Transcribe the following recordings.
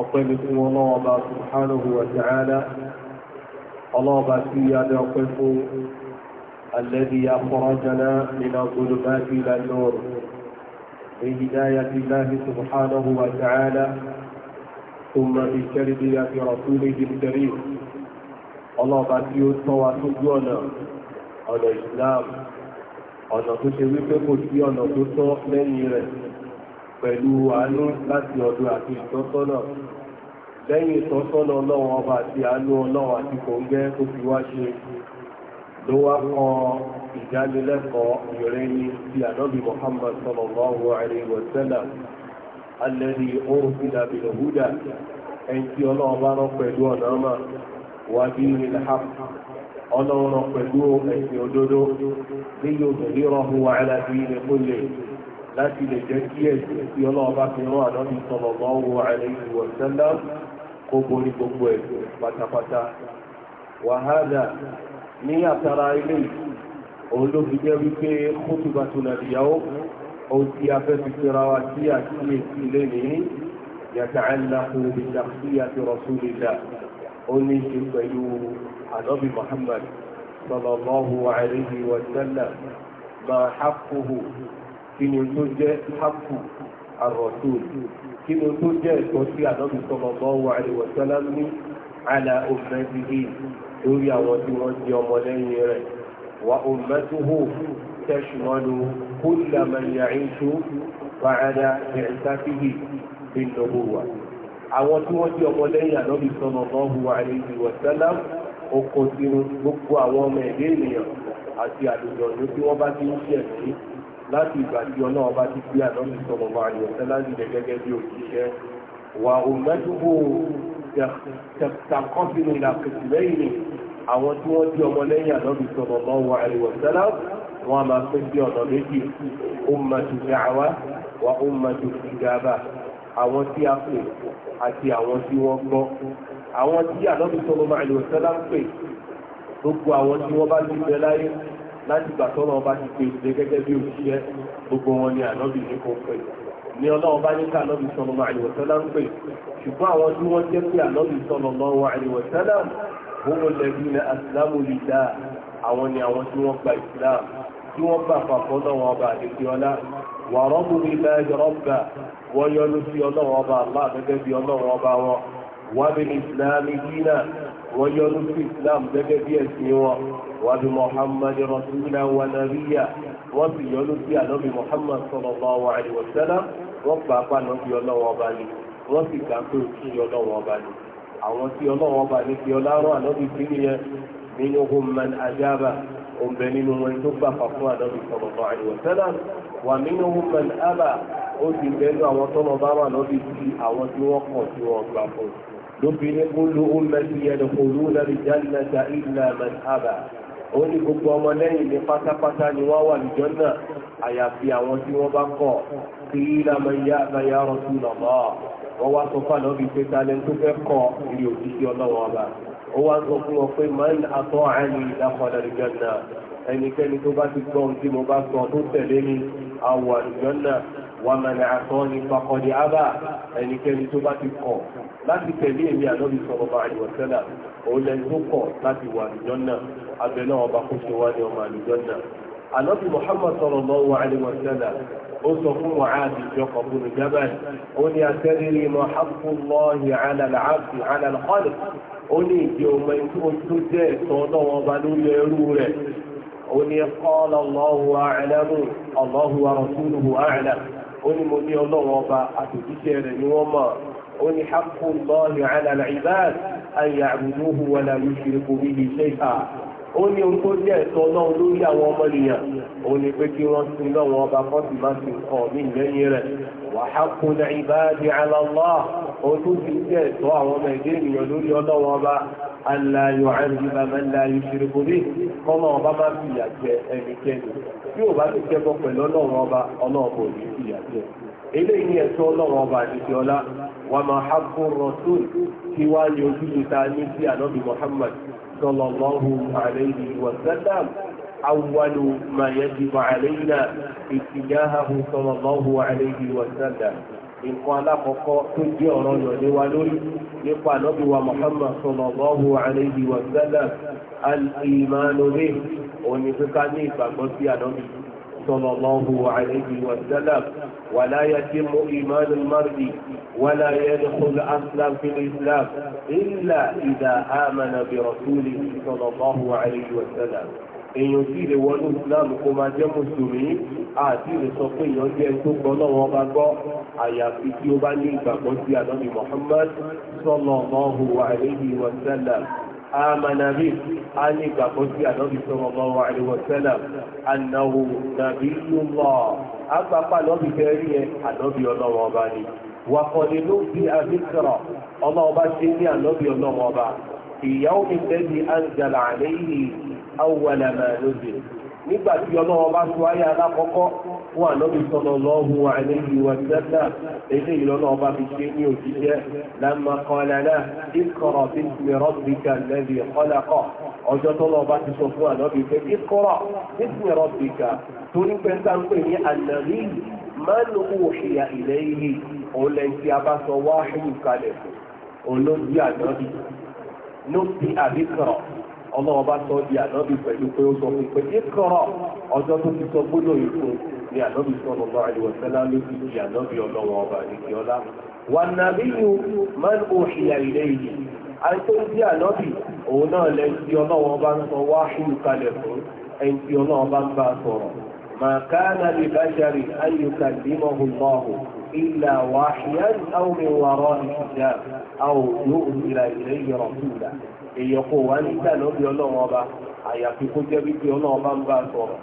ọpẹ́ ní fún ọlọ́ọ̀bá subhanahu wa ta'ala ọlọ́ọ̀bá tí a dẹ ọpẹ́ fún alẹ́bí afọ́rọ́jana nínú gulubati lanor بهداية الله سبحانه وتعالى ثم بتربية رسوله الكريم الله باتي الإسلام ọ̀nà tó ṣe wípé kò sí pẹ̀lú àánú láti ọdún àti ìtọ́sọ́nà lẹ́yìn ìtọ́sọ́nà ọlọ́run ọba àti àánú ọlọ́run àti kòǹgẹ́ tó fi wá ṣe ló wá kọ ìdánilẹ́kọ̀ọ́ ti wa sallam alladhi ursila bil huda ẹni tí ọlọ́run bá rán pẹ̀lú ọ̀nà mà wà bí al-haqq ọlọ́run rán pẹ̀lú ẹ̀sìn òdodo ní láti lè jẹ́ kí ẹ̀sìn tí ọlọ́run bá fi rán ànábì sallallahu alayhi wa sallam kó borí gbogbo ẹ̀sìn pátápátá wàhálà ní àtàrà ilé òun ló fi jẹ́ wípé khutbatul yawm ohun tí a fẹ́ fi fẹ́ra wa sí àkíyèsí lé ní yata'allaqu bi shakhsiyati rasulillah ó kí ni tó jẹ́ hapù ar-rasul kí ni tó jẹ́ ẹ̀kọ́ sí ànábì sallallahu alaihi wa sallam ní àlà ummatihi lórí àwọn tí wọ́n jẹ́ ọmọ lẹ́yìn rẹ̀ wa ummatuhu tashmalu kulla man àti àlùjọ ní tí wọ́n bá ti ń ṣẹ̀ sí láti ìgbà tí ọlọ́wọ́ bá ti gbé àlọ́mì sọ̀rọ̀ wà ní ọ̀sẹ̀ láti ilẹ̀ gẹ́gẹ́ bí òṣìṣẹ́ wà òmẹ́dúgbò tẹ̀kọ́sínú ìlàkùsì lẹ́yìn àwọn tí wọ́n jẹ́ ọmọlẹ́yìn àlọ́mì sọ̀rọ̀ lọ́wọ́ àríwọ̀sẹ́lá wọ́n máa fẹ́ bí ọ̀nà méjì ummatu da'wa wa ummatu ìjàmbá àwọn tí a pè àti àwọn tí wọ́n gbọ́ àwọn tí àlọ́mì sọ̀rọ̀ lọ́wọ́ àríwọ̀sẹ́lá pè gbogbo àwọn tí wọ́n bá ti bẹ láyé láti gbà tọ́lọ ọba ti pè ṣe gẹ́gẹ́ bí òṣìṣẹ́ gbogbo wọn ni ànábì ní kò pè ní ọlọ́run bá ní ká ànábì sọ̀rọ̀ máa àìwọ̀ sẹ́lá ń pè ṣùgbọ́n àwọn tí wọ́n jẹ́ pé ànábì sọ̀rọ̀ lọ́wọ́ àìwọ̀ sẹ́lá lẹ́bí ní àsìlámù lè dá àwọn ni àwọn tí wọ́n gba ìsìlám tí wọ́n bá papọ̀ náà wọn bá àdékí wà wọ́n yọ́nú sí islam gẹ́gẹ́ bí ẹ̀sìn wọn wà bí muhammad rasulullah wa nabiyya wọ́n sì yọ́nú sí ànábì muhammad sallallahu alaihi wa sallam wọ́n gbà pa ànábì ọlọ́wọ́ ọba ni wọ́n sì gbà pé òkú ọlọ́wọ́ ọba ni àwọn tí ọlọ́wọ́ ọba ní fi ọlárọ̀ ànábì sí nìyẹn nínú man ajaba òǹbẹ nínú wọn tó gbà pa fún ànábì sallallahu wa sallam wà nínú man aba ó ti bẹ́ẹ̀ lọ àwọn tọ́lọ́ bá wà lọ́bì sí àwọn tí wọ́n kọ̀ tí wọ́n gbà fún un lóbìnrin kúlù ọmọdé yẹn kúlù lórí jẹ́nẹ́ta ìlà mẹ́tàbà ó ní gbogbo ọmọ lẹ́yìn ní pátápátá ni wọ́n wà ní jọ́nà àyàfi àwọn tí wọ́n bá kọ̀ sí ìlà mẹ́yà rọ̀tún lọ́mọ́ wọ́n wá sọ fáànà bíi pé ta lẹ́nu tó fẹ́ kọ́ ní òjijì ọlọ́wọ́ ọba ó wá sọ fún wọn pé máa ń atọ́ àìní ìdápadà ní jọ́nà ẹnikẹ́ni tó bá ti gbọ́ tí mo bá sọ tó tẹ̀lé mi àwọ̀ àdìjọ́nà wọ́n mẹ́rin àtọ́ ní pàkọ̀dé àbá ẹnikẹ́ni tó bá ti kọ̀ láti tẹ̀lé èmi àlọ́bí sọ̀rọ̀ bá àìwọ̀sẹ́là òun lẹ́ni tó kọ̀ láti wà àlùjọ́ náà abẹ náà ọba kó ṣe wá ní ọmọ àlùjọ́ náà. Muhammad sọ̀rọ̀ lọ́wọ́ àìwọ̀sẹ́là ó sọ fún wàhálì rasuluhu a'lam ó ní mo ní ọlọ́run ọba àtòjíṣẹ́ rẹ̀ ni wọ́n mọ̀ ó ní haqqu Allahi ala al-ibad an ya'buduhu wa la yushriku bihi shay'an ó ní ohun tó jẹ́ ẹ̀tọ́ náà lórí àwọn ọmọ ènìyàn ó ní pé kí wọ́n sin lọ́wọ́ ọba kan sì máa sin kan ní ìlẹ́yìn rẹ̀ wàhákùn ìbáàdì aláwọ̀ ó tún ti jẹ́ ẹ̀tọ́ àwọn ọmọ ẹ̀dẹ́ ènìyàn lórí ọlọ́wọ́ ọba aláyọ̀ àríwá mẹ́láyọ̀ ṣerébo wà máa hábù rọ̀tún kí wá ní ojúlé ta ní sí ànábì Muhammad sallallahu alayhi wa sallam awwalu ma yajibu alayna ìtìyáhàhù sallallahu alayhi wa sallam nǹkan alákọ̀ọ́kọ́ tó jẹ́ ọ̀rọ̀ yọ̀lé wa lórí nípa ànábì wa Muhammad sallallahu alayhi wa sallam al-imanu bih òní pé ká ní ìgbàgbọ́ sí ànábì صلى الله عليه وسلم ولا يتم إيمان المرء ولا يدخل أصلا في الإسلام إلا إذا آمن برسوله صلى الله عليه وسلم èèyàn tí lè wọnú islam kó máa jẹ́ mùsùlùmí àti lè sọ pé èèyàn jẹ́ tó gbọ́ náà wọ́n bá gbọ́ àyàfi tí ó bá ní ìgbàgbọ́ sí ànábì Muhammad sallallahu alaihi wa sallam آمن به أن يقول النبي صلى الله عليه وسلم أنه نبي الله أما قال نبي كريم النبي الله وباني وقد نبي ذكرى الله بشيني النبي الله وباني في يوم الذي أنزل عليه أول ما نزل nígbà tí ọlọ́wọ́ bá tó ayé alákọ̀ọ́kọ́ fún ànábì sọ̀rọ̀ lọ́hùn àìlẹ́yìn ìwà ìjẹ́ta èdè ìlọ́lọ́wọ́ bá fi ṣe ní òṣìṣẹ́ lámà kọ́lẹ́lá ìkọ̀rọ̀ bí mìíràn bí ká lẹ́bi kọ́lákọ̀ ọjọ́ tó lọ́wọ́ bá ti sọ fún ànábì pé ìkọ̀rọ̀ bí mìíràn bí ká torí pé ń pè ní ànàrí máa ń òṣìyà ìlẹ́yìn òun lẹ́yìn tí a bá sọ wáhùn kalẹ̀ òun ló ọlọ́wọ́ bá sọ di ànábì pẹ̀lú pé ó sọ fún pé ìkọ̀rọ̀ ọjọ́ tó ti sọ gbóló ìfún ni ànábì sọ̀rọ̀ lọ́wọ́ àdìwọ̀sẹ́lá ló ti di ànábì ọlọ́wọ́ ọba nìkíọ́lá wà nàbí yìí máa òṣìyà ilé yìí àìsó bí ànábì òun náà lẹ ti ọlọ́wọ́ bá ń sọ wá ṣùlù kalẹ̀ fún ẹni tí ọlọ́wọ́ bá ń bá sọ̀rọ̀ mà kánà lè bá ṣàrì ayùkà límọ̀hùn èèyàn kò wá nígbà bí ọlọ́run ọba àyàfi kó jẹ́ wípé ọba ń bá sọ̀rọ̀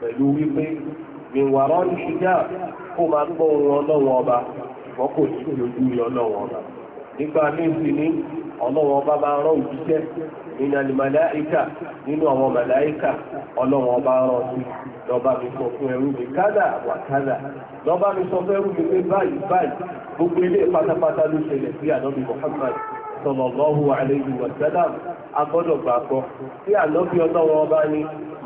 pẹ̀lú wípé ìwàrọ̀ ní ìjà kó máa gbọ́ ohun ọlọ́run ọba wọ́n kò ní lójú ọlọ́run ọba nígbà méjì ní ọlọ́run ọba máa rán òjíṣẹ́ nínú àlùmàláìkà nínú àwọn ọlọ́run ọba rán sí lọ́ba mi sọ fún ẹrú mi sallallahu alayhi wa sallam agbọ́dọ̀ gbàgbọ́ tí ànábì ọlọ́wọ́ ọba ni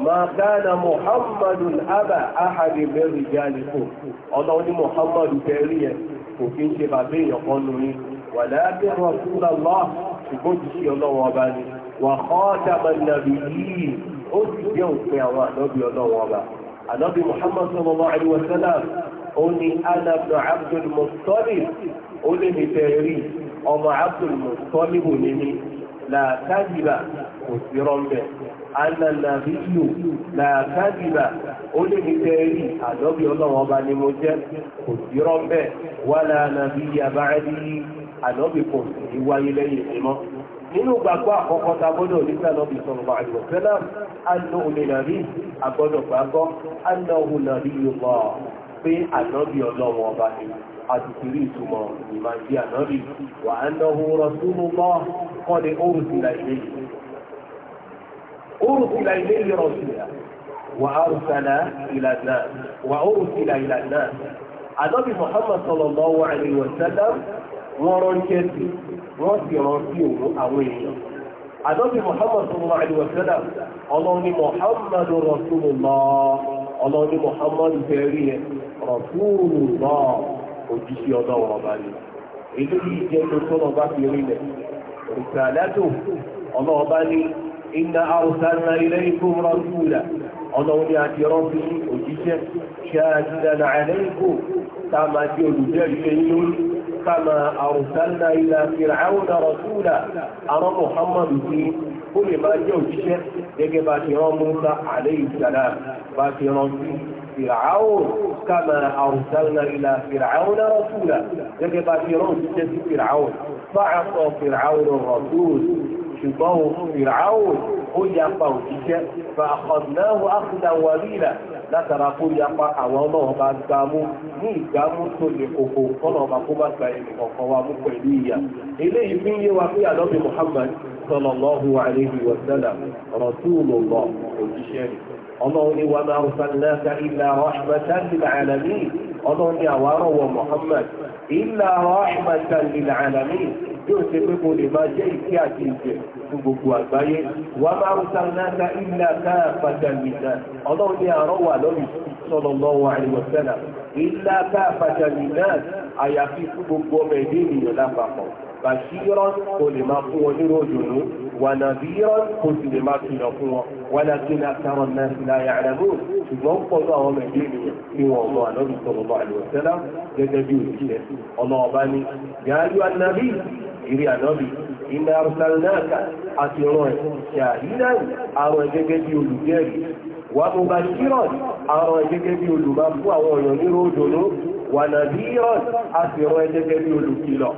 ma kana muhammadu aba ahadi min rijalikum ọlọ́wọ́ ní muhammadu bẹ́ẹ̀rí yẹn kò kí ń ṣe bàbá èèyàn kan nù ní walakin rasulullah ṣùgbọ́n ti ṣe ọlọ́wọ́ ọba ni wa khataman nabiyyin ó sì jẹ́ òpin àwọn ní ana ibn ó lè ní bẹ́ẹ̀rí ọmọ Abdul-Muttalibu ní mi làkàdìbà kò sí rọ́mbẹ̀ alànàbí yù làkàdìbà ó lè ní tẹ́rí àdọ́bí ọlọ́wọ́ bá ní mo jẹ́ kò sí rọ́mbẹ̀ wà lànàbí yàbáàdì àdọ́bí kò sí wáyé lẹ́yìn ìmọ́ nínú gbàgbọ́ àkọ́kọ́ ta gbọ́dọ̀ nígbà àdọ́bí ọlọ́wọ́ bá àtìkiri ìtumọ̀ ìmàjí ànábì wà annahu rasulullah qad ursila ilayhi ursila ilayhi rasula wà arsala ila an-nas wà ursila ila an-nas ànábì muhammad sallallahu alayhi wa sallam wọ́n ránṣẹ́ sí wọ́n sì rán sí òun àwọn èèyàn ojúṣe ọlọ́run ọba ni èyí yìí jẹ́ tó tọ́lọ̀ bá fi rí lẹ̀ ìsàlẹ́tò ọlọ́run bá ní iná àrùsánà ilé ikú rọ́dúùlà ọlọ́run ní àti rọ́bí òjíṣẹ́ ṣáàdìdànà àlẹ́kò tá a máa di olùjẹ́rìí lẹ́yìn lórí ká máa àrùsánà ilé fìràwọ̀nà فرعون كما أرسلنا إلى فرعون رسولا يجب أن يرون فرعون فعطى فرعون الرسول شبه فرعون هو يقوم فأخذناه أخذا وبيلا látara kó yapa àwọn ọlọ́run bá gbámú ní ìgbámú tó lè kòkò kọ́nà ọba kó bá gba ẹnì kọ̀ọ̀kan wa mú pẹ̀lú ìyà eléyìí fi yé wa pé àlọ́bì Muhammad sallallahu alayhi wa sallam rasulullah òjíṣẹ́ rẹ̀ ọlọ́run ní wa máa arsalnaka illa rahmatan lil alamin ọlọ́run ní àwárọ̀ wọ Muhammad illa rahmatan lil alamin yóò ṣe pé kò lè máa jẹ́ ìkẹ́ àti ìjẹ́ fún gbogbo àgbáyé wà máa ń sáré náà ilẹ̀ káà padà nìta ọlọ́run ní àárọ̀ wà lọ́rù sallallahu alaihi wasallam ilẹ̀ káà padà nìta àyàfi fún gbogbo ọmọ ẹ̀dẹ́ ènìyàn lápapọ̀ bàṣírọ́ kò lè máa fún wọn nírò òdòdó wà nàbírọ́ kò sì lè máa kìlọ̀ fún wọn wà lákìn àtàwọn náà sì láyà àdàbò ṣùgbọ́n pọ̀lú àwọn ọmọ ẹ̀dẹ́ ènìyàn ní wọn ọmọ àlọ́rù sallallahu alaihi wasallam gẹ́gẹ́ bí òṣìṣẹ́ ọmọ ni yàrá yóò ìrí ànábì iná arúsálẹ́ẹ̀ká àti ọ̀rọ̀ ẹ̀ ṣàhídà àrùn ẹ̀ gẹ́gẹ́ bí olùgẹ́rì wà mú bá ṣírọ̀n àrùn ẹ̀ gẹ́gẹ́ bí olùbá fún àwọn èèyàn ní ròdòdó wà nàbí ìrọ̀n àti ọ̀rọ̀ ẹ̀ gẹ́gẹ́ bí olùkìlọ̀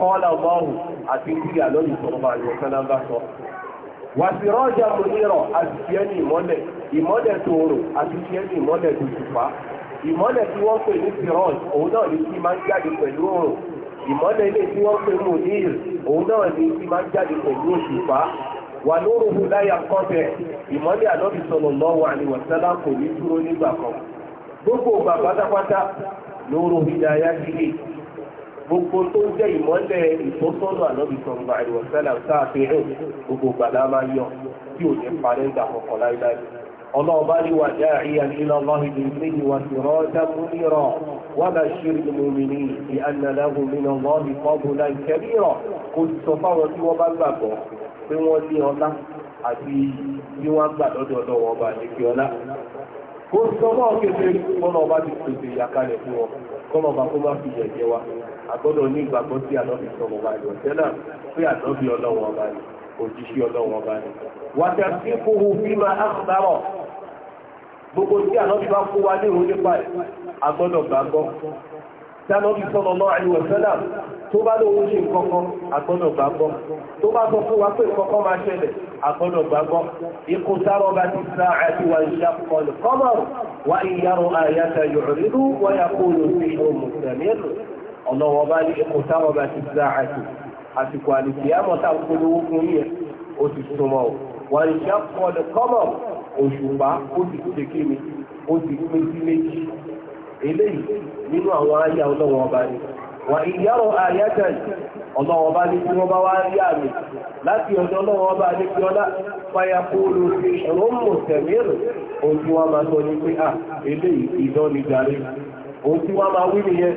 kọ́ọ́lá ọmọrùn àti tí àlọ́yìn sọ̀rọ̀ bá yọ sẹ́lá bá sọ. wàsírọ́jà tó nírọ̀ àti tiẹ́ ní ìmọ́lẹ̀ ìmọ́lẹ̀ tó rò àti tiẹ́ ní ìmọ́lẹ̀ tó tùpá ìmọ́lẹ̀ tí wọ́n pè ní sirọ́ọ̀j òun náà ní kí máa ń jáde pẹ̀lú òrùn ìmọ́lẹ̀ ilé tí wọ́n pè mú ní ìr òun náà ní kí máa ń jáde pẹ̀lú òṣùpá wà lóruhu láyà kọ́tẹ̀ ìmọ́lẹ̀ ànábì sọ̀rọ̀ lọ́wọ́ àníwọ̀sálá kò ní dúró nígbà kan gbogbo bàbá gbogbo tó ń jẹ́ ìmọ́lẹ̀ ìtọ́sọ́nà ànábì sọ̀rọ̀ àìwọ̀ sẹ́là sáàfin rẹ̀ gbogbo gbàdá máa yọ tí ò ní parẹ́ ń dàkọ̀kọ̀ láíláí ọlọ́run bá ní wàjá àríyá ilá ọlọ́run ibi ìlú wa sì rọ́ dákú nírọ̀ wà bá ṣe rí mu mi ní ìdí ànàlágún mi náà wọ́n rí kọ́ bu láì kẹ́rí rọ̀ kó sọ fáwọn tí wọ́n bá gbàgbọ́ pé wọ́n ní ọlá àti bí wọ́n gbà lọ́dọ̀ ọ̀dọ̀ wọn bá lè fi ọlá kó sọ fáwọn kékeré kọ́nà ọba ti pèsè ìyàkalẹ̀ fún wọn kọ́nà ọba kó má fi yẹ̀jẹ̀ wa agbọ́dọ̀ ní ìgbàgbọ́ sí àlọ́bí sọ̀rọ̀ wa ìwọ̀ tẹ́lá pé àlọ́bí ọlọ́wọ́ ọba ni òjíṣẹ́ ọlọ́wọ́ ọba ni. wàtí àfikún fi máa àkùbárọ̀ gbogbo tí àlọ́bí bá kó wa léèrò nípa ẹ̀ agbọ́dọ̀ gbàgbọ́ tí àlọ́bí sọ̀rọ̀ lọ àìwọ̀ tẹ́lá tó bá lóun ṣe nǹkankan agbọ́dọ̀ gbàgbọ́ tó bá sọ fún wa pé nǹkankan máa ṣẹlẹ̀ agbọ́dọ̀ gbàgbọ́ ikú sáró bá ti sa àti wà ìṣàkọlù kọ́mọ̀rù wà ìyàrá àyàtà yòrìdú wọ́n yà kó lóun ṣe ọ̀nà wọn bá ní kò táwọn bá ti sá àti àsìkò àlùkìyàmọ̀ tá a polówó fún yẹn ó ti súnmọ́ o wà ní ṣàkọọ́lẹ̀ kọ́mọ̀ òṣùpá ó ti ṣe kí ni ó ti pín sí méjì eléyìí nínú àwọn ayé ọlọ́wọ́n ọba ni wà ìyàwó ayájá ọlọ́wọ́n ọba ní tí wọ́n bá wá rí àmì láti ọ̀dọ̀ ọlọ́wọ́n ọba ní kí ọlá fayakóòlù sí rọ́mù tẹ̀mírù ohun tí wọ́n máa sọ ní pé à eléyìí ìdán ni jàre ohun tí wọ́n máa wí nìyẹn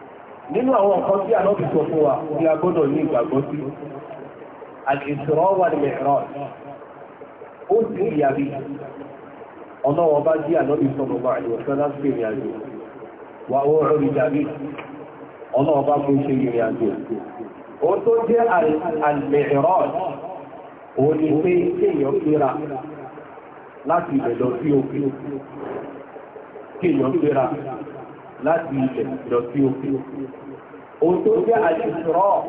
nínú àwọn nǹkan tí ànábì sọ fún wa tí a gbọ́dọ̀ ní ìgbàgbọ́ sí al-Isra wal-Mi'raj ó sì ń yàrí ọlọ́wọ́ bá jí ànábì sọ̀rọ̀ bá àyọ̀sán láti ìrìn àjò wà ó rọrì jàrí ọlọ́wọ́ bá mú ṣe ìrìn àjò ó tó jẹ́ al ó ní pé kéèyàn kéra láti ìbẹ̀lọ sí òkè kéèyàn kéra láti ilẹ̀ lọ sí òkè. Ohun tó jẹ́ àṣìṣọ́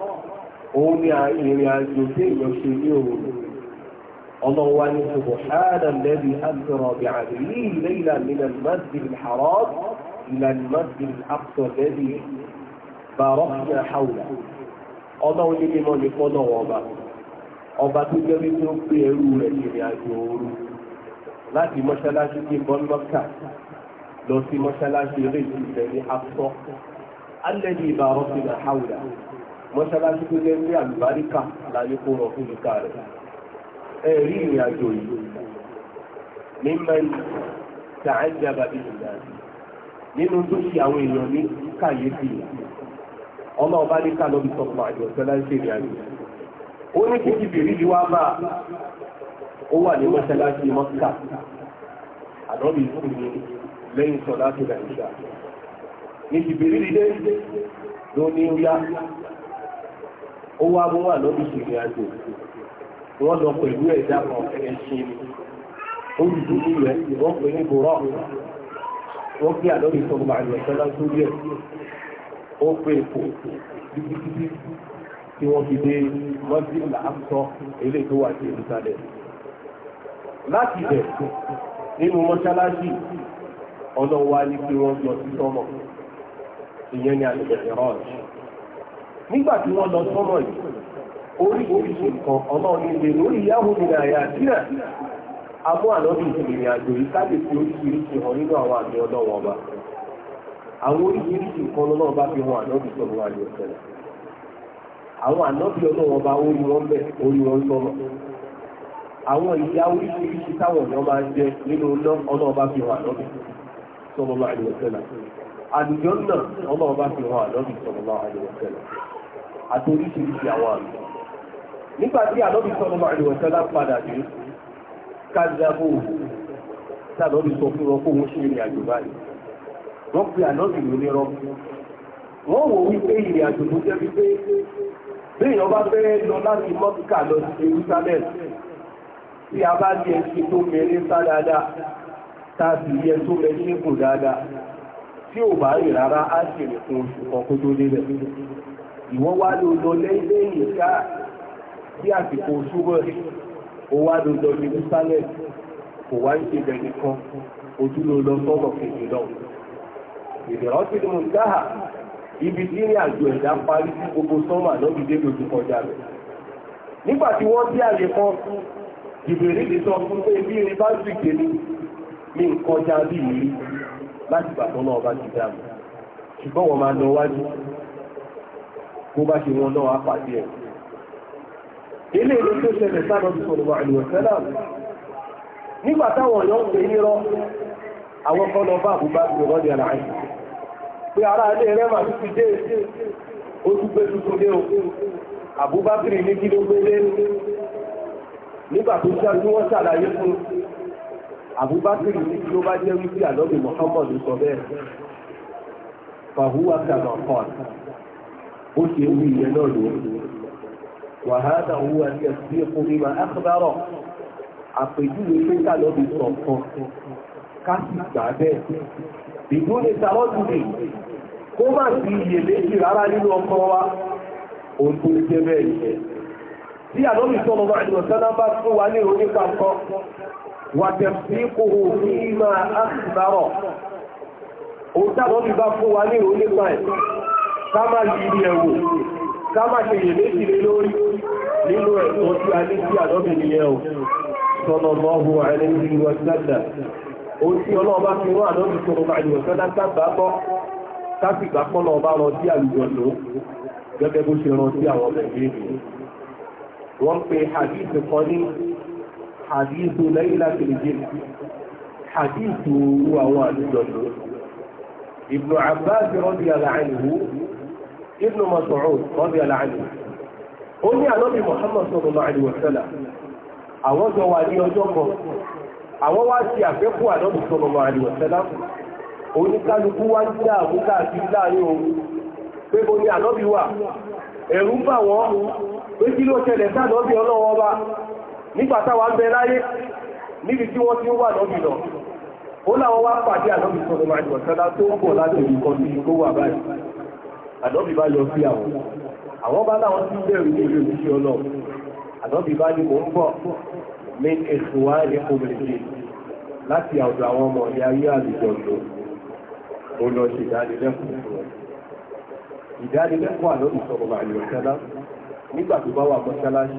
òun ni ìrìn àjò tí èèyàn ṣe ní òun. Ọmọ wa ní Subhana alladhi asra bi 'abdihi laylan min al-masjid al-haram ila al-masjid al-aqsa alladhi barakna hawlahu. Ọmọ jẹ́ wípé ó pé ẹrú rẹ̀ ìrìn àjò òru láti mọ́ṣáláṣí ní Bọ́lmọ́kà lọ sí mọ́ṣáláṣí eré ìtìsẹ̀ ní afọ́ alẹ́bí ìbá rọ́sílẹ̀ haúdà mọ́ṣáláṣí tó jẹ́ ní àlùbáríkà láyé kó rọ fún ìka rẹ̀ ìrìn àjò yìí mímọ́ tàájà bàbí ìgbà nínú tó ṣe àwọn èèyàn ní kàyéfì ọmọ ọba ní ká lọ́bi àjọ ìrìn àjò ó ní kíkí bèrè lẹ́yìn sọ láti nàìjíríà ní ìbèrè ilé ló ní yá ó wá mú wà lọ́bí ìrìn àjò wọ́n lọ pẹ̀lú ẹ̀dá kan ẹ̀ṣin ni ó rí ìlú rẹ̀ wọ́n pè ní bùrọ̀ wọ́n pè àlọ́bí sọ̀rọ̀ màá yẹ̀ sọ́lá sórí ẹ̀ ó pè kò títí tí wọ́n fi dé mọ́sílì làásọ eléyìí tó wà sí ìrúsálẹ̀ láti ibẹ̀ nínú mọ́ṣáláṣí ọlọ́run wá ní pé wọ́n lọ sí sọ́mọ̀ ìyẹn ni àlùbẹ̀rẹ̀ rọ́ọ̀jì nígbà tí wọ́n lọ sọ́mọ̀ yìí orí oríṣi nǹkan ọlọ́run ilé lórí yahoo nínú àyà àdínà abọ́ ìrìn àjò yìí káàdì sí oríṣiríṣi hàn nínú àwọn àmì ọba àwọn oríṣiríṣi nǹkan bá fi hàn sọ̀rọ̀ wà ní ọ̀sẹ̀lẹ̀ àwọn ọba orí wọn bẹ̀ orí wọn àwọn ìyá oríṣiríṣi táwọn máa ń jẹ nínú sọlọ́lá àdìwọ̀sẹ́là tí àdọ́bì sọlọ́lá àdìwọ̀sẹ́là padà dé wọn kó wọ́n ṣe ìrìn àjò báyìí wọ́n pe àdọ́bì lórí wọ́n wò wípé tó jẹ́ wípé lọ láti mọ́kà lọ sí di ẹ̀sìn tó mẹ́rin tàbí yẹ tó rẹ ní kò dáadáa tí ò bá rí rárá á sì rí fún oṣù kọkó tó délẹ̀ ìwọ́n wá ló lọ lẹ́yìn ìká bí àsìkò oṣù rẹ̀ ó wá ló lọ Jerusalem kò wá ń ṣe bẹ̀rẹ̀ kan ojú ló lọ sọ́rọ̀ kejì lọ ìdẹ̀rọ́sí ni mo ń dáhà ibi tí ní àjò ẹ̀dá parí sí gbogbo sọ́mà lọ́bí dé lójú kọjá rẹ̀. nígbà tí wọ́n tí àyè kan fún ìbèrè lè sọ fún pé bí irin bá sì ní nǹkan já bí yìí láti gbàtọ́ náà bá ti dá ṣùgbọ́n wọ́n máa bá ṣe wọn náà pàdé ẹ̀. ilé ìlú tó ṣẹlẹ̀ sọ̀rọ̀ wà nígbà táwọn lọ bá àbúgbà tó rọ́ pé ilé rẹ̀ máa tún dé ó tún tuntun dé o àbúgbà ní kí fún àbúbákìrì ní tí ó bá jẹ́ wípé àlọ́bì Muhammad sọ bẹ́ẹ̀ fàhúwà kàmà kọ́ọ̀t ó ṣe wí ìyẹn náà lòó wàhálà òun wà ní ẹ̀sìn ìkùnrin mà ákàbárọ̀ àpèjúwe pé kàlọ́bì sọ kan ká sì gbà bẹ́ẹ̀ ìgbóni sàrọ́dùnì kó má sí iyèméjì rárá nínú ọkọ wa òun tó bẹ́ẹ̀ yìí tí àlọ́bì sọ̀rọ̀ máa ń lọ sọ́nà bá fún wa ní oníkàkọ́ wàtẹ̀síkòhò ní máa áṣìbárọ̀ òun táwọn ti bá fún wa ní òun ẹ̀ ká má yìí ẹ̀wò ká má ṣe yèméjì lé lórí nínú ẹ̀tọ́ tí a ní sí àdọ́bì nìyẹn o sọ̀nà lọ́hùn ààrẹ ní ìlú ọ̀sẹ̀dà òun tí ọlọ́ọ̀bá fi rán àdọ́bì sọ̀rọ̀ bá ìlú ọ̀sẹ̀dà sábà bọ́ káfí ìgbàpọ̀nà ọba rọ sí àlùjọ lò gẹ́gẹ́ bó ṣe rán sí àwọn ọmọ hadithu laylatil jinn hadithu orú àwọn àdújọ lò Ibn Abbas radiyallahu anhu Ibn Mas'ud radiyallahu anhu ó ní àlọ́bí Muhammad sallallahu alaihi wa sallam àwọn jọ wà ní ọjọ́ kan àwọn wá sí àfẹ́kù àlọ́bí sallallahu alaihi wa sallam oníkálukú wá ń dá àmúká àti láàrin ohun pé bó ní nígbà táwa ń bẹ láyé níbi tí wọ́n ti wà lọ́bì lọ ó láwọn wá pàdé àlọ́bì sọ̀rọ̀ máa jùlọ sọ́dá tó ń bọ̀ láti èyí kan sí tó wà báyìí àlọ́bì bá yọ sí àwọn àwọn bá láwọn tí bẹ̀rù ní ìlú ìṣẹ́ ọlọ́run àlọ́bì bá ní mò ń bọ̀ ní ètò wá ní kòmìnìtì láti àwùjọ àwọn ọmọ ní ayé àlùjọ lò ó lọ ṣe ìdánilẹ́kùn ìdánilẹ́kùn àlọ́bì sọ̀rọ̀ máa jùlọ sọ́dá nígbà tó bá wà mọ́ṣáláṣí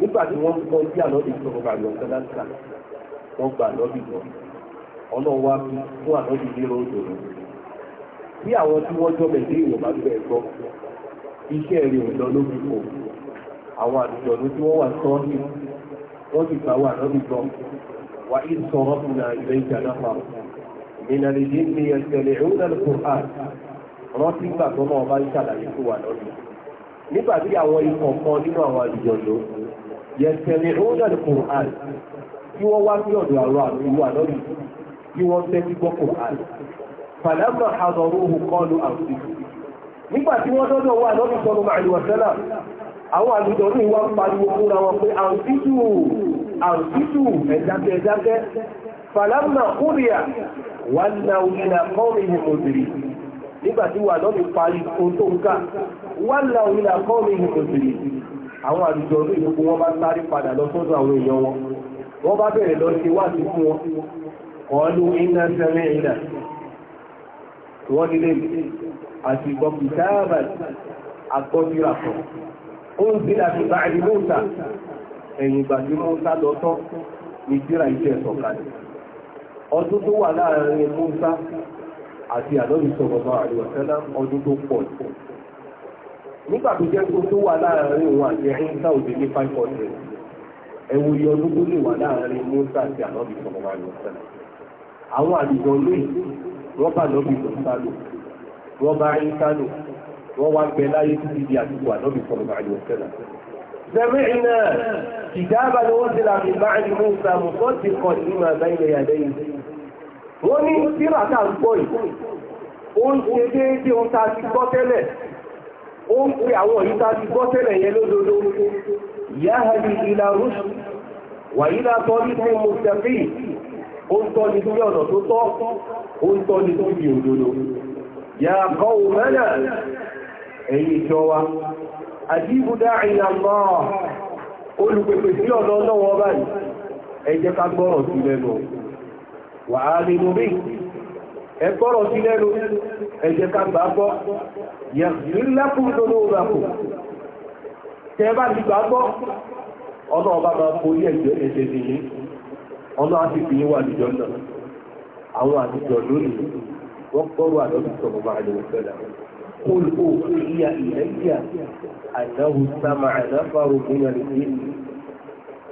nígbà tí wọ́n kọ́ sí àlọ́bì tó kọ́ àlọ́ sẹ́dáṣà wọ́n gba àlọ́bì lọ ọlọ́run wá fún àlọ́bì ní ròdò rẹ̀ bí àwọn tí wọ́n jọ́bẹ̀ sí ìwọ̀n bá bẹ̀rẹ̀ gbọ́ iṣẹ́ rẹ̀ ò lọ lóbi kò àwọn àdùjọ ló tí wọ́n wà sọ́ọ́nì wọ́n sì gbà wà lọ́bì gbọ́ wà í sọ̀rọ̀ fún náà ìnà lè náà bá ń nígbà tí àwọn ikọ̀ kan nínú àwọn àdùjọ yẹ̀tẹ̀lẹ̀ oúnjẹ́ Qur'an tí wọ́n wá sí ọ̀dọ̀ àwọn àríwá lọ́rì tí wọ́n tẹ́ sí gbọ́ Qur'an fàlámà àdọ̀rúhù kọlu àti nígbà tí wọ́n dọ́dọ̀ wà lọ́rì sọ́nù màálùwàsẹ́là ń pariwo fúnra wọn pé àrùsítù àrùsítù ẹ̀dákẹ́ ẹ̀dákẹ́ fàlámà kúrìà wà náà ìlà kọ́rin ìhòmòdìrì nígbà tí wà lọ́rì parí ohun tó ń ká wà náà ìlà kọ́rin àwọn àlùjọ ní ìlúkú wọn bá sáré padà lọ sọ́dọ̀ àwọn èèyàn wọn wọ́n bá bẹ̀rẹ̀ lọ ṣe wá sí fún wọn ọlú iná sẹ́rẹ̀ ìlà wọ́n nílé àti ìgbọ̀kù sáàbà àgbọ́dúrà kan ó ń bí bá ẹni mọ́ta ẹ̀yìn ìgbà mọ́ta lọ ní tíra iṣẹ́ sọ̀kalẹ̀ nígbà tó jẹ́ kó tó wà láàárín òun àti ẹ̀yìn tá ní five hundred yọ ọdún lè wà láàárín musa àti ànábì sọ̀rọ̀ wa lọ àwọn àdìgbò lóyè wọ́n bá ànábì sọ̀rọ̀ sálò wọ́n bá ẹ̀yìn sálò wọ́n wá gbẹ láyé di àdìgbò wa lọ sẹ́lẹ̀. سمعنا كتابا وزل من بعد موسى مصدقا لما بين يديه wọ́n ní síra tá à ń gbọ́ yìí ó ń ṣe déédéé ohun tá a ti gbọ́ tẹ́lẹ̀ ó ń pe àwọn ìta ti gbọ́ tẹ́lẹ̀ lódodo yahadi ila rush wà ilá tọ́lí fún mustapha ó ń tọ́lí fún ọ̀nà tó tọ́ ó ń tọ́lí fún òdodo ya kọ́ òmẹ́nà ẹ̀yìn ìjọ wa àjíbù dáìyà sí ẹgbọ́rọ̀ sí lẹ́nu ẹ̀jẹ̀ ká gbàgbọ́ yẹ̀kùnlẹ́kùn lórí òrakùn tẹ́ bá ti gbàgbọ́ ọ̀nà ọba máa forí ẹ̀jẹ̀ ẹ̀jẹ̀ nìyí ọ̀nà àti fi wà nìjọ náà àwọn àtijọ́ lónìí wọ́n gbọ́rọ̀ àdọ́bí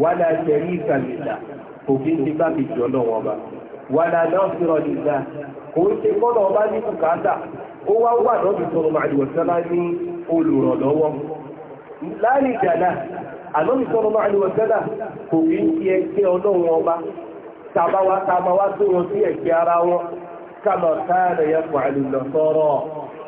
wàlá ṣẹ̀rí ìkàlìlà kò kí ń ti bá mi jọ lọ́wọ́ ọba wàlá náà fi rọ̀ nígbà kò ń ṣe kọ́nà ọba ní bùkátà ó wá wà lọ́dù sọ̀rọ̀ màdìwọ̀sọ́lá ní olùrànlọ́wọ́ láàrin ìjàlá àlọ́mì sọ̀rọ̀ màdìwọ̀sọ́lá kò kí ń ṣe ẹgbẹ́ ọlọ́run ọba tàbáwá tàbáwá tó wọn sí ẹgbẹ́ ara wọn kàmọ̀ káàdà yẹ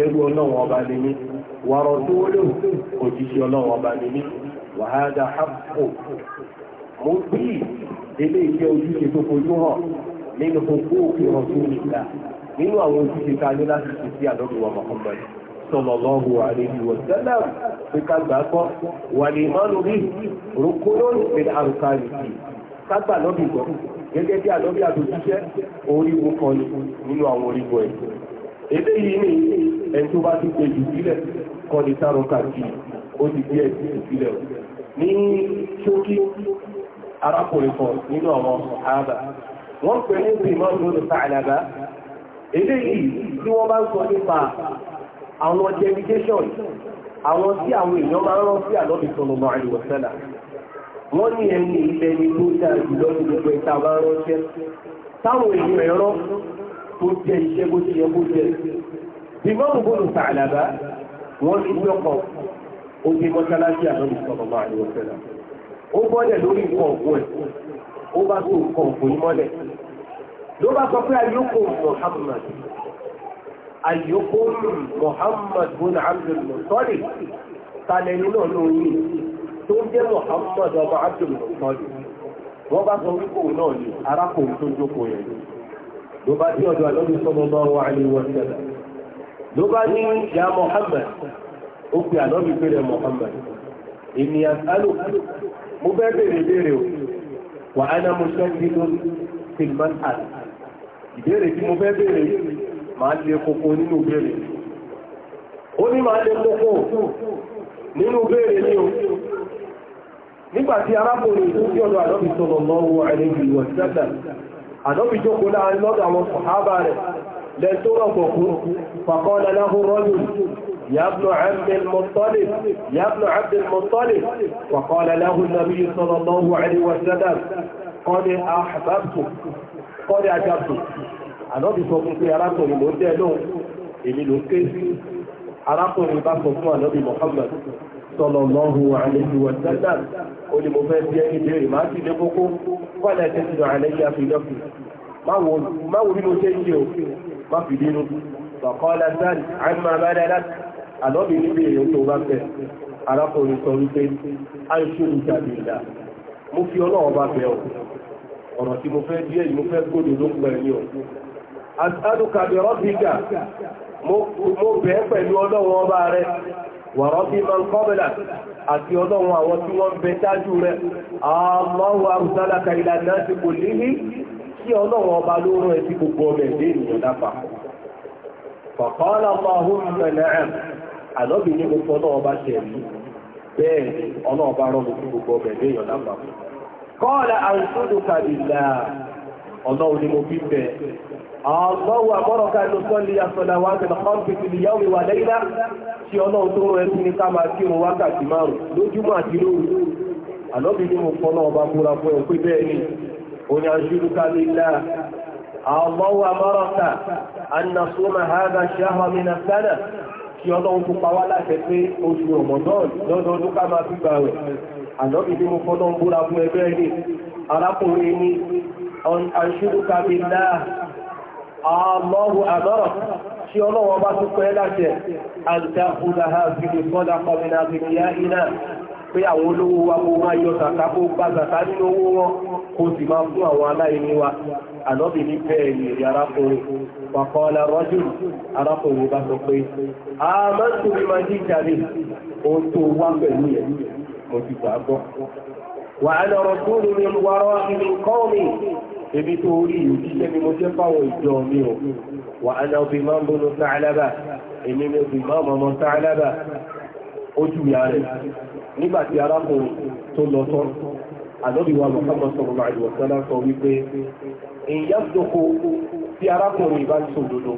ẹrú ọlọ́run ọba lè ní wàrọ̀ tó lò òjíṣẹ́ ọlọ́run ọba lè ní wàhádà hapò mo bí ilé iṣẹ́ ojúṣe tó fojú hàn nínú gbogbo òfin ọ̀tún nìgbà nínú àwọn ojúṣe ta ní láti ṣe sí àdọ́gbọ̀wà Muhammad sallallahu alayhi wa sallam pé ká wà ní ìmánu rí rukunun min arkani ká gbà lọ́bì gbọ́ gẹ́gẹ́ bí àdọ́bí àdójúṣẹ́ orí wo kan nínú àwọn orígun ẹ̀sìn èdè yìí ni ẹni tó bá ti pè jù sílẹ̀ kọ́ ni sáró kàkí ó ti bí ẹ̀sì sílẹ̀ ní ṣókí arákùnrin kan nínú àwọn ààbà wọ́n pè ní ìmọ̀ ìlú sàlàbà èdè yìí tí wọ́n bá ń sọ nípa àwọn àwọn tí àwọn èèyàn máa ń rán sí àlọ́bì wọ́n ní ẹni ilẹ̀ ni tó dáa jùlọ ní gbogbo ìta bá ránṣẹ́ táwọn tó jẹ́ iṣẹ́ bó ti yẹ bọ́lù wọ́n ti lọ́kọ̀ ó mọ́ṣáláṣí àlọ́lù sọ̀rọ̀ máa ní ọ̀sẹ̀ ó bọ́lẹ̀ lórí nǹkan ọ̀gbọ́n ẹ̀ ó bá tó nǹkan ọ̀gbọ́n mọ́lẹ̀. ló bá sọ pé tó jẹ́ ọmọ wọ́n bá sọ wípé òun náà ni arákùnrin tó jókòó yẹn ló bá ní ọ̀dọ̀ àlọ́bí sallallahu ló bá ya Muhammad ó pe àlọ́bí Muhammad èmi àtàlù bẹ́ bèrè o wà á náà mo ṣẹ́gi ló ti máa ń ìbéèrè tí mo fẹ́ bèèrè máa lè kókó nínú béèrè ó ní máa lè kókó nínú ní o nígbàtí arákùnrin tó àlọ́bí àdọ́bì jókòó láàrin lọ́dọ̀ àwọn sàhábà rẹ̀ lẹ́n tó rọ̀gbọ̀kú faqala lahu rajul يا ابن عبد المطلب يا ابن عبد المطلب وقال له النبي صلى الله عليه وسلم قد أحببتك قد أجبتك ànọ́bì sọ fún pé arákùnrin ló ń sallallahu alayhi wa sallam ó ní mo fẹ́ bí ẹni bèèrè máa sì lé kókó wọ́lẹ̀ tẹ́ sí àlẹ́yà fi lọ́kùn máwo bí mo ṣe ń ṣe òfin má fi dínú sọ̀kọ́lá sáàlì àmà bàdà láti àlọ́bì ní bèèrè tó bá fẹ́ arákùnrin sọ wípé a ń ṣe ìjàdì ìdá mo wàrọ́bí mọ́kọ́bẹ̀lá àti ọlọ́run àwọn tí wọ́n bẹ ṣáájú rẹ̀ àmọ́wọ́ àrùsálàkà ìlànà ti kò níhí kí ọlọ́run ọba ló rán ẹ̀sí gbogbo ọmọ ẹ̀dẹ́ ní Allahu àmọ́rọ̀ ká ló sọ́ lè àṣọ̀dà wa àti ọ̀pọ̀ ìfìlì yá òwe wà lẹ́yìnlá tí ọlọ́run tó rọ ẹtí ní ká máa kí wọn wákàtí márùn lójúmọ́ àti lóru. Àlọ́bí ni mo fọ́ náà bá múra fún ẹ pé bẹ́ẹ̀ ni, ó ní aṣojú ká lè lá. Allahu àmọ́rọ̀ ká anàṣọ́mà hàgà ṣáhà mi nà sánà tí ọlọ́run tó pa wá láṣẹ pé oṣù Ramadan lọ́dọọdún ká máa fi gbà rẹ̀. Àlọ́bí ni mo fọ́ náà múra fún ẹ bẹ́ẹ̀ ni, arákùnrin ni aṣojú ká lè lá Allahu àmọ́rọ̀ tí ọlọ́wọ́ bá tún pẹ́ láti àjá ọdáha gidi kọ́dá kọmìnà gidiyá iná pé àwọn olówó wa kó máa yọ tàkà kó bá tàkà nínú owó wọn kó sì máa fún àwọn aláìní wa ànọ́bì ní bẹ́ẹ̀ ni èrè arákùnrin ebi tó rí ìjíṣẹ́ ni mo jẹ́ fáwọn ìjọ mi ò wà á náà bí máa ń bọ́nu sáàlábà èmi ni òbí máa mọ̀mọ́ sáàlábà ojú ìyá rẹ̀ nígbà tí arákùnrin tó lọ tán àdọ́bíwá mọ̀kánmọ́ sọ̀rọ̀ máa yọ̀ sọ́lá sọ wípé ìyá dókó tí arákùnrin bá ń sòdodo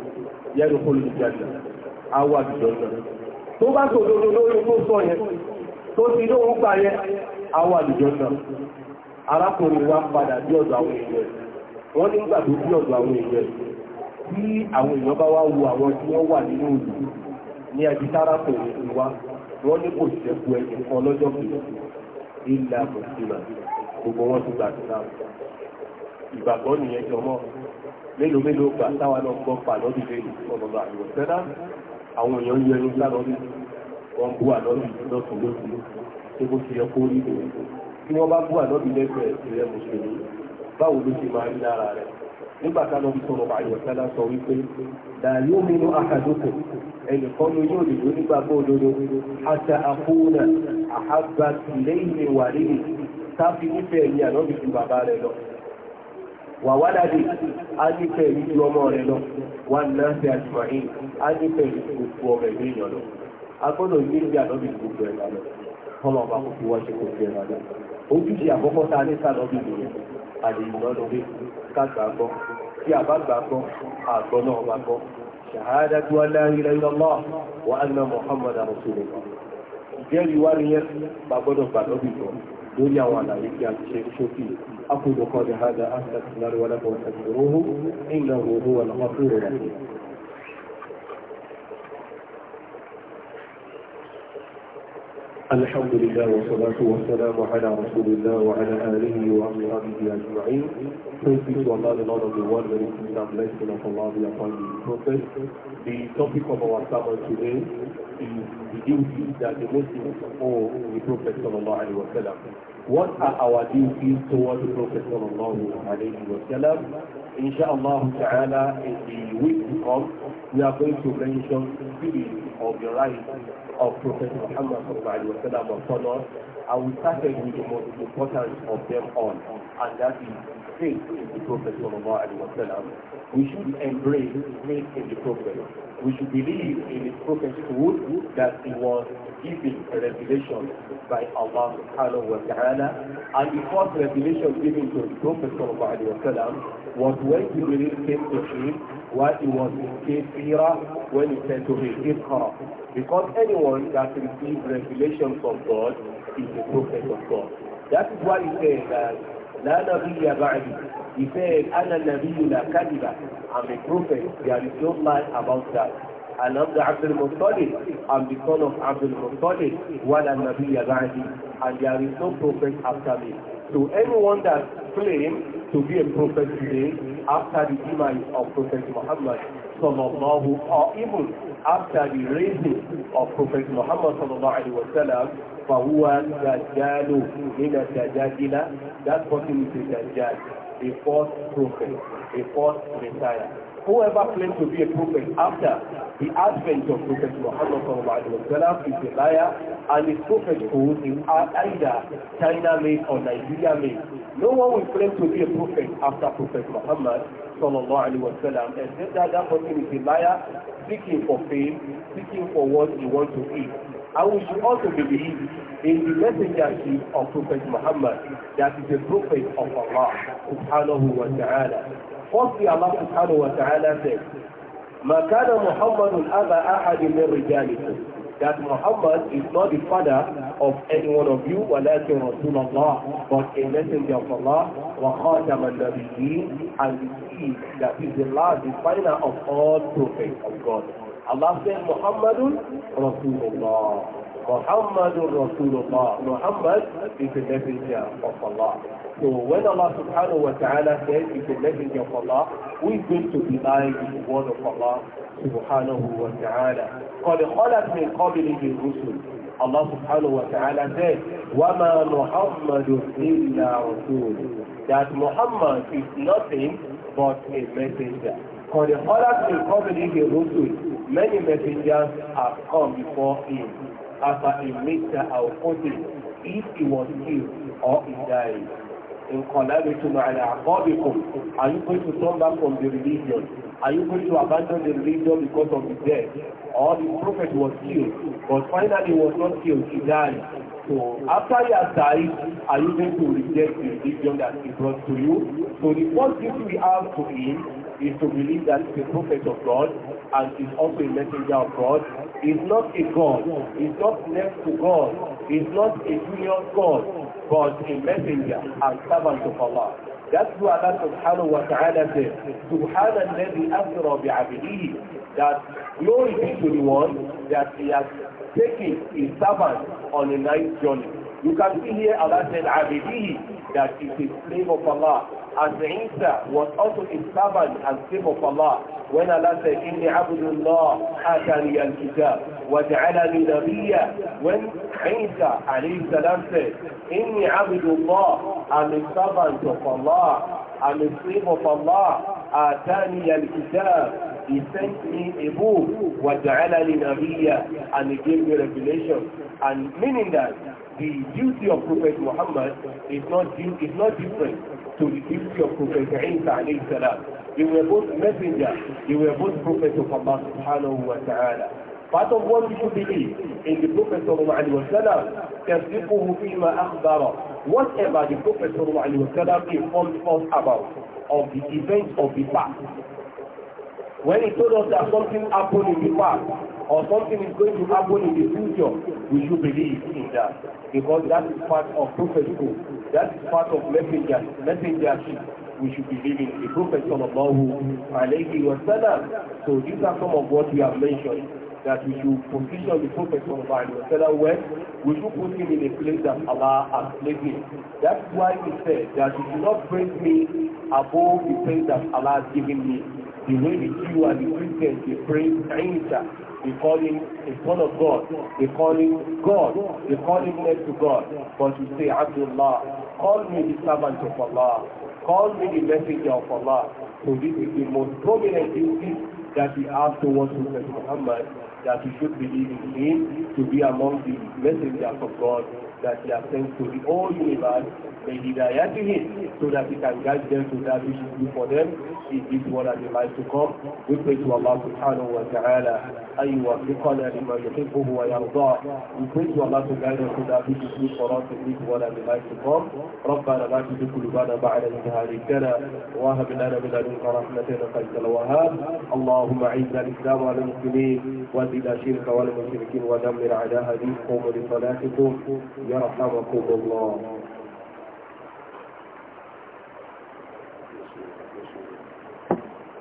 yẹ́nu kó lè jáde àwọn àdìjọ́ náà tó bá sòdodo lórí tó sọ yẹn tó ti lóhun gbà yẹn àwọn àdìjọ́ náà arákùnrin wa padà bí ọ̀dọ̀ àwọn èèyàn wọ́n ní nígbà tó bí ọ̀dọ̀ àwọn èèyàn tí àwọn èèyàn bá wá wo àwọn tí wọ́n wà nínú òlù ní ẹbí tára kò ní ti wá wọ́n ní kò ṣẹ́kù ẹ̀yìn kan lọ́jọ́ kejì ilẹ̀ àbòsílà gbogbo wọn ti gbà síta ìgbàgbọ́ nìyẹn jọmọ́ mélòó mélòó gbà táwa náà gbọ́ pa lọ́dí lẹ́yìn ọ̀dọ̀dọ̀ àyẹ̀wò sẹ́dá àwọn èèyàn yẹ ẹni sá lọ́dí wọn bú àlọ́dí lọ́sùn lóṣù tó tí wọ́n bá bú àlọ́dí lẹ́gbẹ̀ẹ́ ìrẹ́ mùsùlùmí báwo ló ṣe máa rí lára rẹ̀ nígbà táwọn ọmọ sọ̀rọ̀ àyọ̀ sálá sọ wípé làyé ominú akadókò ẹnìkan ló yóò lè lónígbàgbọ́ òdodo àtà àkóónà àhábà lẹ́yìn ìwà rírì káfí nífẹ̀ẹ́ ní ànábì ju bàbá rẹ̀ lọ wàwádàdì á nífẹ̀ẹ́ ní ju ọmọ rẹ̀ lọ wà náà ṣe á nífẹ̀ẹ́ ní gbogbo ọmọ ẹ̀mí ìyàn lọ agbọ́dọ̀ ní ìdí ànábì gbogbo ẹ̀ ọba kò fi wọ́n ṣe àdìgbọ́nàwé kágbàgbọ́ tí a bá gbàgbọ́ àgbọ́nà ọba gbọ́ ṣàhádá tí wọ́n láàrin ilẹ̀ wà ánà Muhammad rasulullah ìjẹ́rìí wá ní yẹn gbàgbọ́dọ̀ gbàgbọ́ bìbọ̀ lórí àwọn àlàyé tí a ti ṣe ṣókí akójọkọ́ ni hada الحمد لله والصلاة والسلام على رسول الله وعلى آله وأصحابه أجمعين. Praise be to Allah, the Lord of the world, the King and blessing of Allah be upon the Prophet. The topic of our sermon today is the duty that the Muslims owe the Prophet sallallahu alaihi wasallam what are our duties towards the Prophet sallallahu alayhi wa sallam. Inshallah ta'ala in the week to come, we are going to mention three of the life of Prophet Muhammad sallallahu alayhi wa sallam and I will start with the most important of them all. and that is faith in the Prophet wasallam. We should embrace faith in the Prophet. We should believe in the Prophet's word that he was given a revelation by Allah subhanahu wa ta'ala. And the first revelation given to the Prophet wasallam was when he really came to him while he was in Cave when he said to him, Iqra. Because anyone that receives revelation from God is the prophet of God. That is why he said that lánàbí yabaayi ìfẹ́ ananabi yula kadiba I'm a prophet there is no lie about that and of the Abdul Muttalib I'm the son of Abdul Muttalib wala nabi yabaayi and there is no prophet after me so anyone that claims to be a prophet today after the demise of Prophet Muhammad sallallahu or even after the raising of Prophet Muhammad sallallahu alaihi wasallam, فَهُوَ الدَّجَّالُ مِنَ الدَّجَّالِ That person is a Dajjal, a false prophet, a false messiah. Whoever claims to be a prophet after the advent of Prophet Muhammad sallallahu alaihi wasallam is a liar and prophet prophethood is either China made or Nigeria made. No one will claim to be a prophet after Prophet Muhammad sallallahu alaihi wasallam and since that, that person is a liar seeking for fame seeking for what he wants to eat and we should also believe in the messengership of Prophet Muhammad that is a prophet of Allah subhanahu wa ta'ala firstly Allah subhanahu wa ta'ala said ما كان محمد أبا أحد من رجالكم that Muhammad is not the father of any one of you, ولكن رسول الله, but a messenger of Allah, وخاتم النبيين, and he is that is the last, the final of all prophets of God. Allah said, Muhammadun Rasulullah. Muhammadun Rasulullah. Muhammad is the messenger of Allah. So when Allah subhanahu wa ta'ala says he's the messenger of Allah, who is going to deny the word of Allah subhanahu wa ta'ala? قَدْ خَلَتْ مِنْ قَبْلِهِ الرُّسُلُ Allah subhanahu wa ta'ala said, وَمَا مُحَمَّدٌ إِلَّا رَسُولٌ That Muhammad is nothing but a messenger. For the others will come the Rasul, many messengers have come before him. After he a minister or if he was killed or he died. انقلبتم على Are you going to turn back from the religion? Are you going to abandon the religion because of the death? Or the prophet was killed, but finally was not killed, he died. So after he has died, are you going to reject the religion that he brought to you? So the first thing we have to him is to believe that the prophet of God and is also a messenger of God. is not a God. He's not next to God. He's not a junior God but a messenger and servant of Allah. That's why Allah subhanahu wa ta'ala says, Subhana alladhi asra bi'abdihi, that glory be to the one that he has taken his servant on a night journey. You can see here Allah said, Abidihi, that it is a slave of Allah. As Isa was also a servant and slave of Allah when Allah said, Inni abdullah atani al-kitab wa ja'alani nabiyya when Isa alayhi salam said, Inni abdullah, I'm a servant of Allah, I'm a slave of Allah, atani al-kitab, He sent me a book, وَجَعَلَنِي نَبِيًّا and he gave me revelation. And meaning that the duty of Prophet Muhammad is not, is not different to the teaching of Prophet Isa alayhi salam. They were both messengers. They were both prophets of Allah subhanahu wa ta'ala. Part of what we believe in the Prophet sallallahu alayhi wa sallam, tasdiquhu fima akhbara. Whatever the Prophet sallallahu alayhi wa sallam informed us about, of the events of the past. When he told us that something happened in the past, or something is going to happen in the future, we should believe in that. Because that is part of prophethood. That is part of messengers, messengership. We should believe in the Prophet sallallahu alayhi wa sallam. So these are some of what we have mentioned that we should position the Prophet sallallahu alayhi wa sallam well. We should put him in a place that Allah has placed him. That's why he said that you should not praise me above the place that Allah has given me. The way the Jew and the Christians, they praise Isa They call him a of God. They call him God. They call him next to God. But you say, Abdullah, call me the servant of Allah. Call me the messenger of Allah. So this is the most prominent duty that we have towards Prophet Muhammad, that we should believe in him to be among the messengers of God that he has sent to the whole universe, may to him, so that he can guide them to that which is good for them in this world and the life to come. We pray to Allah subhanahu wa ta'ala أن يوفقنا لما يحبه ويرضاه إن كنت وما تجعلنا كنا في جسم صراط ولا من أي ربنا لا تزغ قلوبنا بعد إذ هديتنا وهب لنا من لدنك رحمة إنك أنت الوهاب اللهم أعز الإسلام والمسلمين وزد الشرك والمشركين ودمر أعداء دينكم ولصلاتكم يرحمكم الله